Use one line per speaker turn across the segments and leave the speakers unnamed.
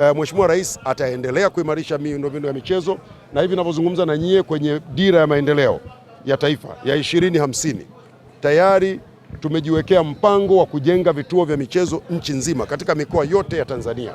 Eh, Mheshimiwa Rais ataendelea kuimarisha miundombinu ya michezo na hivi ninavyozungumza na nyie, kwenye dira ya maendeleo ya taifa ya 2050 tayari tumejiwekea mpango wa kujenga vituo vya michezo nchi nzima katika mikoa yote ya Tanzania.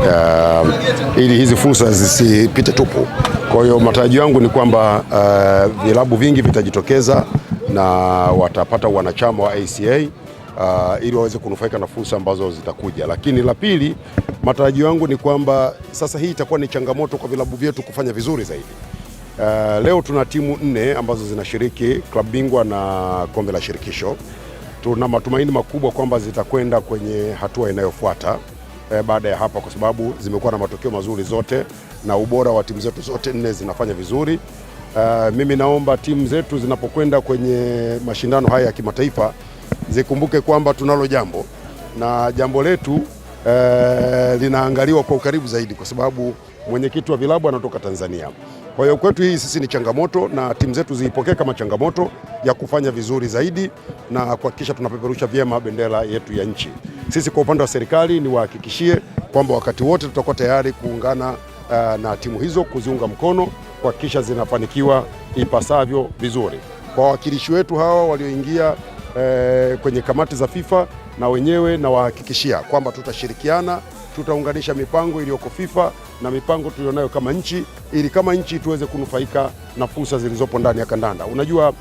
uh, ili hizi fursa zisipite tupu. Kwa hiyo matarajio yangu ni kwamba uh, vilabu vingi vitajitokeza na watapata wanachama wa ACA uh, ili waweze kunufaika na fursa ambazo zitakuja. Lakini la pili, matarajio yangu ni kwamba sasa hii itakuwa ni changamoto kwa vilabu vyetu kufanya vizuri zaidi. Uh, leo tuna timu nne ambazo zinashiriki klabu bingwa na kombe la shirikisho. Tuna matumaini makubwa kwamba zitakwenda kwenye hatua inayofuata. Eh, baada ya hapa, kwa sababu zimekuwa na matokeo mazuri zote na ubora wa timu zetu zote nne zinafanya vizuri. Uh, mimi naomba timu zetu zinapokwenda kwenye mashindano haya ya kimataifa zikumbuke kwamba tunalo jambo na jambo letu uh, linaangaliwa kwa ukaribu zaidi, kwa sababu mwenyekiti wa vilabu anatoka Tanzania. Kwa hiyo kwetu hii sisi ni changamoto, na timu zetu ziipokee kama changamoto ya kufanya vizuri zaidi na kuhakikisha tunapeperusha vyema bendera yetu ya nchi. Sisi kwa upande wa serikali niwahakikishie kwamba wakati wote tutakuwa tayari kuungana uh, na timu hizo kuziunga mkono kuhakikisha zinafanikiwa ipasavyo vizuri. Kwa wawakilishi wetu hawa walioingia uh, kwenye kamati za FIFA na wenyewe nawahakikishia kwamba tutashirikiana, tutaunganisha mipango iliyoko FIFA na mipango tulionayo kama nchi, ili kama nchi tuweze kunufaika na fursa zilizopo ndani ya kandanda. Unajua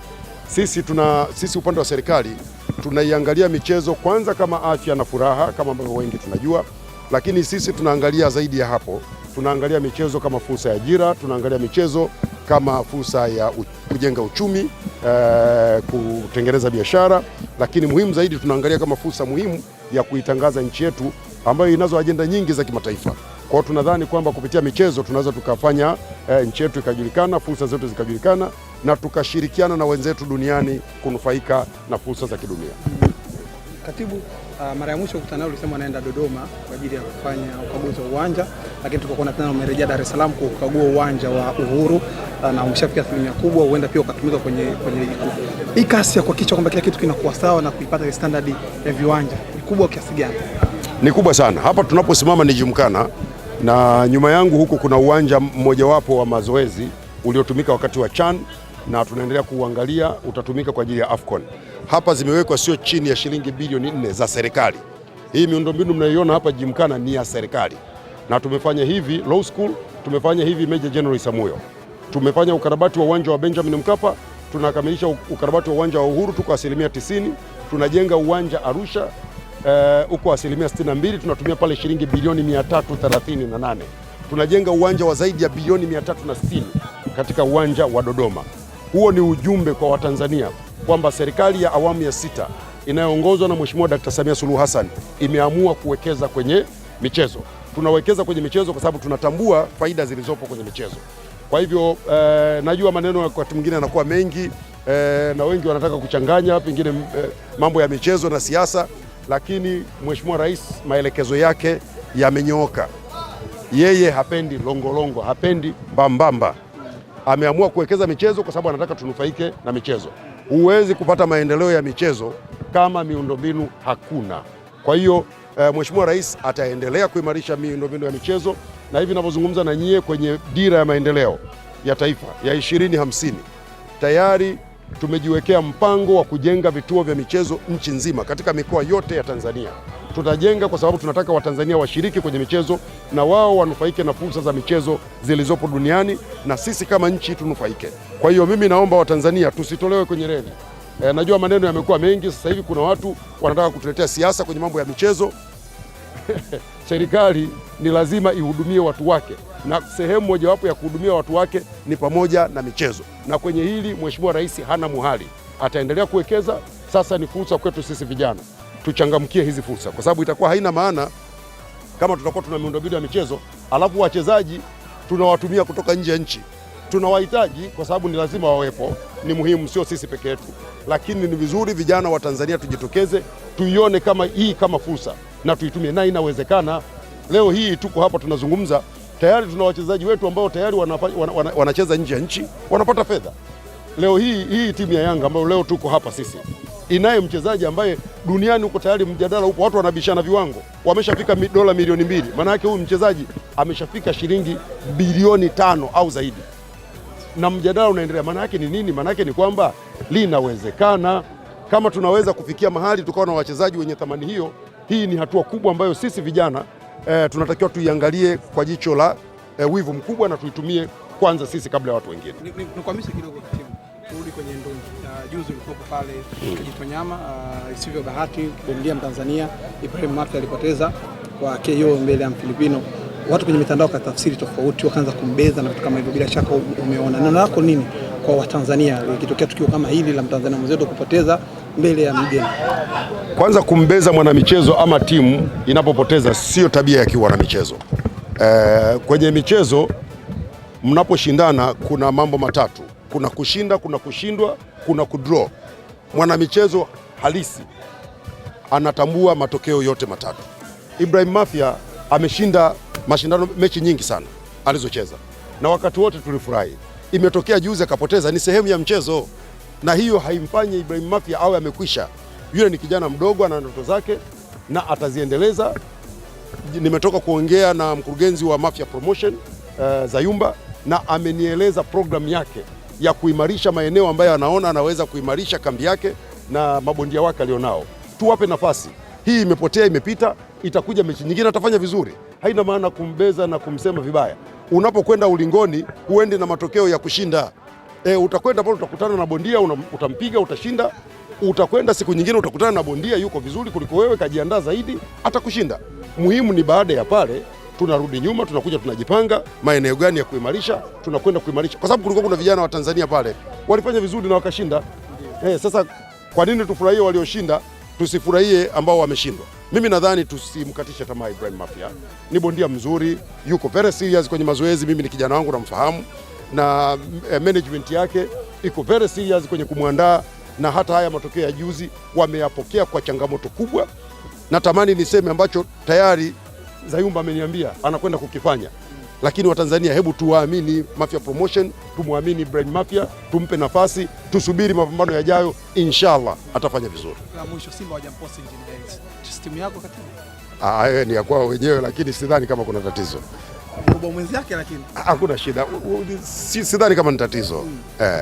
sisi, tuna, sisi upande wa serikali tunaiangalia michezo kwanza kama afya na furaha, kama ambavyo wengi tunajua, lakini sisi tunaangalia zaidi ya hapo. Tunaangalia michezo kama fursa ya ajira, tunaangalia michezo kama fursa ya kujenga uchumi, eh, kutengeneza biashara, lakini muhimu zaidi tunaangalia kama fursa muhimu ya kuitangaza nchi yetu ambayo inazo ajenda nyingi za kimataifa. Kwa hiyo tunadhani kwamba kupitia michezo tunaweza tukafanya eh, nchi yetu ikajulikana, fursa zetu zikajulikana na tukashirikiana na wenzetu duniani kunufaika na fursa za kidunia.
Katibu, uh, mara ya mwisho kukutana nao ulisema anaenda Dodoma kwa ajili ya kufanya ukaguzi wa uwanja, lakini tukakuona tena umerejea Dar es Salaam kukagua uwanja wa Uhuru, uh, na umeshafikia asilimia kubwa, huenda pia ukatumika kwenye kwenye ligi kuu. Hii kasi ya kuhakikisha kwamba kila kitu kinakuwa sawa na kuipata ile standard ya viwanja ni kubwa kiasi gani?
Ni kubwa sana. Hapa tunaposimama ni Jumkana na nyuma yangu huku kuna uwanja mmojawapo wa mazoezi uliotumika wakati wa CHAN na tunaendelea kuuangalia, utatumika kwa ajili ya Afcon. Hapa zimewekwa sio chini ya shilingi bilioni nne za serikali. Hii miundombinu mnayoiona hapa jimkana ni ya serikali, na tumefanya hivi Law School, tumefanya hivi Major General Isamuyo, tumefanya ukarabati wa uwanja wa Benjamin Mkapa, tunakamilisha ukarabati wa uwanja wa Uhuru, tuko asilimia tisini. Tunajenga uwanja Arusha huko eh, uh, asilimia 62, tunatumia pale shilingi bilioni 338. Tunajenga uwanja wa zaidi ya bilioni 360 katika uwanja wa Dodoma. Huo ni ujumbe kwa Watanzania kwamba serikali ya awamu ya sita inayoongozwa na Mheshimiwa Dkt. Samia Suluhu Hassan imeamua kuwekeza kwenye michezo. Tunawekeza kwenye michezo kwa sababu tunatambua faida zilizopo kwenye michezo. Kwa hivyo eh, najua maneno wakati mwingine yanakuwa mengi eh, na wengi wanataka kuchanganya pengine eh, mambo ya michezo na siasa, lakini Mheshimiwa Rais maelekezo yake yamenyooka. Yeye hapendi longolongo, hapendi mbambamba ameamua kuwekeza michezo kwa sababu anataka tunufaike na michezo. Huwezi kupata maendeleo ya michezo kama miundombinu hakuna. Kwa hiyo e, Mheshimiwa Rais ataendelea kuimarisha miundombinu ya michezo, na hivi ninavyozungumza na nyie, kwenye dira ya maendeleo ya taifa ya 2050 tayari tumejiwekea mpango wa kujenga vituo vya michezo nchi nzima katika mikoa yote ya Tanzania tutajenga kwa sababu tunataka Watanzania washiriki kwenye michezo na wao wanufaike na fursa za michezo zilizopo duniani na sisi kama nchi tunufaike. Kwa hiyo mimi naomba Watanzania tusitolewe kwenye reli. E, najua maneno yamekuwa mengi sasa hivi, kuna watu wanataka kutuletea siasa kwenye mambo ya michezo. Serikali ni lazima ihudumie watu wake na sehemu mojawapo ya kuhudumia watu wake ni pamoja na michezo, na kwenye hili Mheshimiwa Rais hana muhali, ataendelea kuwekeza sasa ni fursa kwetu sisi vijana, tuchangamkie hizi fursa, kwa sababu itakuwa haina maana kama tutakuwa tuna miundombinu ya michezo alafu wachezaji tunawatumia kutoka nje ya nchi. Tunawahitaji kwa sababu ni lazima wawepo, ni muhimu, sio sisi peke yetu, lakini ni vizuri vijana wa Tanzania tujitokeze, tuione kama hii kama fursa na tuitumie, na inawezekana. Leo hii tuko hapa tunazungumza, tayari tuna wachezaji wetu ambao tayari wanacheza nje ya nchi wanapata fedha. Leo hii hii timu ya Yanga ambayo leo tuko hapa sisi inaye mchezaji ambaye duniani huko tayari mjadala huko watu wanabishana viwango, wameshafika dola milioni mbili. Maana yake huyu mchezaji ameshafika shilingi bilioni tano au zaidi, na mjadala unaendelea. Maana yake ni nini? Maana yake ni kwamba linawezekana. Kama tunaweza kufikia mahali tukawa na wachezaji wenye thamani hiyo, hii ni hatua kubwa ambayo sisi vijana e, tunatakiwa tuiangalie kwa jicho la e, wivu mkubwa na tuitumie kwanza sisi kabla ya watu wengine.
Nikwamishe kidogo kurudi kwenye ndondi. Uh, juzi ulikuwa pale Kijitonyama, uh, isivyo bahati bondia Mtanzania Ibrahim Mafia alipoteza kwa KO mbele ya Mfilipino. Watu kwenye mitandao tafsiri tofauti, wakaanza kumbeza na vitu kama hivyo. Bila shaka umeona, neno lako nini kwa Watanzania ikitokea tukio kama hili la Mtanzania mwenzetu kupoteza mbele ya mgeni?
Kwanza, kumbeza mwanamichezo ama timu inapopoteza sio tabia ya kiwanamichezo. Uh, kwenye michezo mnaposhindana kuna mambo matatu kuna kushinda, kuna kushindwa, kuna kudraw. Mwanamichezo halisi anatambua matokeo yote matatu. Ibrahim Mafia ameshinda mashindano, mechi nyingi sana alizocheza, na wakati wote tulifurahi. Imetokea juzi akapoteza, ni sehemu ya mchezo, na hiyo haimfanyi Ibrahim Mafia awe amekwisha. Yule ni kijana mdogo, ana ndoto zake na ataziendeleza. Nimetoka kuongea na mkurugenzi wa Mafia Promotion uh, Zayumba, na amenieleza programu yake ya kuimarisha maeneo ambayo anaona anaweza kuimarisha kambi yake na mabondia wake alionao. Tuwape nafasi hii, imepotea imepita, itakuja mechi nyingine atafanya vizuri. Haina maana kumbeza na kumsema vibaya. Unapokwenda ulingoni, uende na matokeo ya kushinda. E, utakwenda pale utakutana na bondia una, utampiga utashinda. Utakwenda siku nyingine utakutana na bondia yuko vizuri kuliko wewe, kajiandaa zaidi, atakushinda. Muhimu ni baada ya pale tunarudi nyuma, tunakuja tunajipanga, maeneo gani ya kuimarisha, tunakwenda kuimarisha, kwa sababu kulikuwa kuna vijana wa Tanzania pale walifanya vizuri na wakashinda. Eh, sasa kwa nini tufurahie walioshinda tusifurahie ambao wameshindwa? Mimi nadhani tusimkatishe tamaa Ibrahim Mafia, ni bondia mzuri, yuko very serious kwenye mazoezi. Mimi ni kijana wangu namfahamu, na eh, management yake iko very serious kwenye kumwandaa, na hata haya matokeo ya juzi wameyapokea kwa changamoto kubwa. Natamani niseme ambacho tayari Zayumba ameniambia anakwenda kukifanya, lakini Watanzania, hebu tuwaamini Mafia Promotion, tumwamini Brain Mafia, tumpe nafasi, tusubiri mapambano yajayo, inshallah atafanya vizuri. Ah, ah, ni ya kwao wenyewe, lakini sidhani kama kuna tatizo. Ah, hakuna shida, sidhani kama ni tatizo hmm. eh.